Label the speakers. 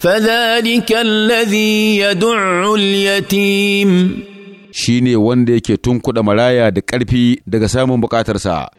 Speaker 1: فذلك الذي يدع اليتيم shine wanda yake tunkuɗa maraya da ƙarfi daga samun buƙatarsa